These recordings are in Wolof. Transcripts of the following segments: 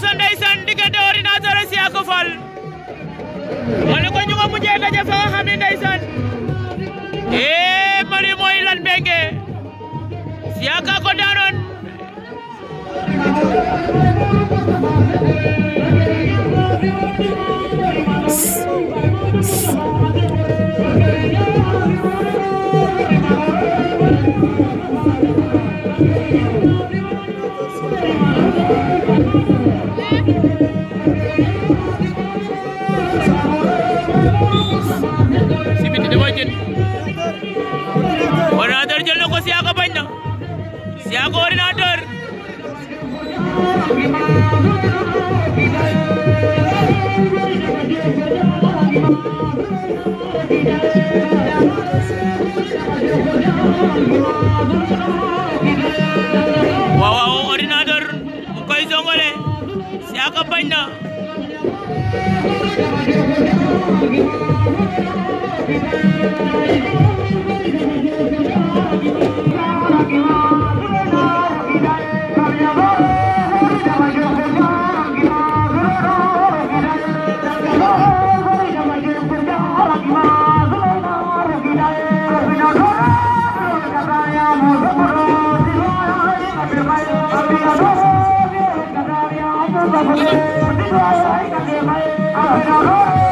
Soso ndeysaan diggante ordinateur ak Siaka Fall wala ko ñu nga mujjee fa eh Mali mooy lan mbenge Siaka ko daanoon Thank you. si biti dafay jël ordinateur jël na ko Siaka bañ na Siaka ordinateur waaw waaw ordinateur mu koy zongale Siaka bañ na I'm gonna go to the hospital.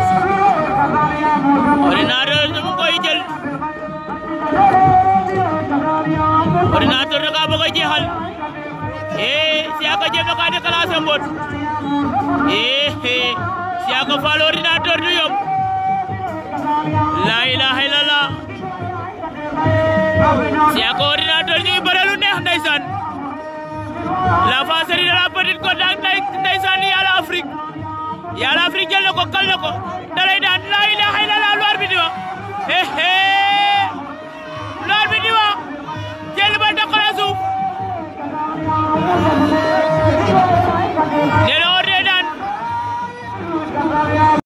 Fall eh Siaka jéem na kaa di classé mbot eh eh Siaka Fall ordinateur du yomb la ilaha illallah Siaka ordinateur ñuy bëre lu neex ndeysaan la face de la petite Côte d'Azur ndeysaan yàlla Afrique yàlla Afrique jël na ko kal na ko dalay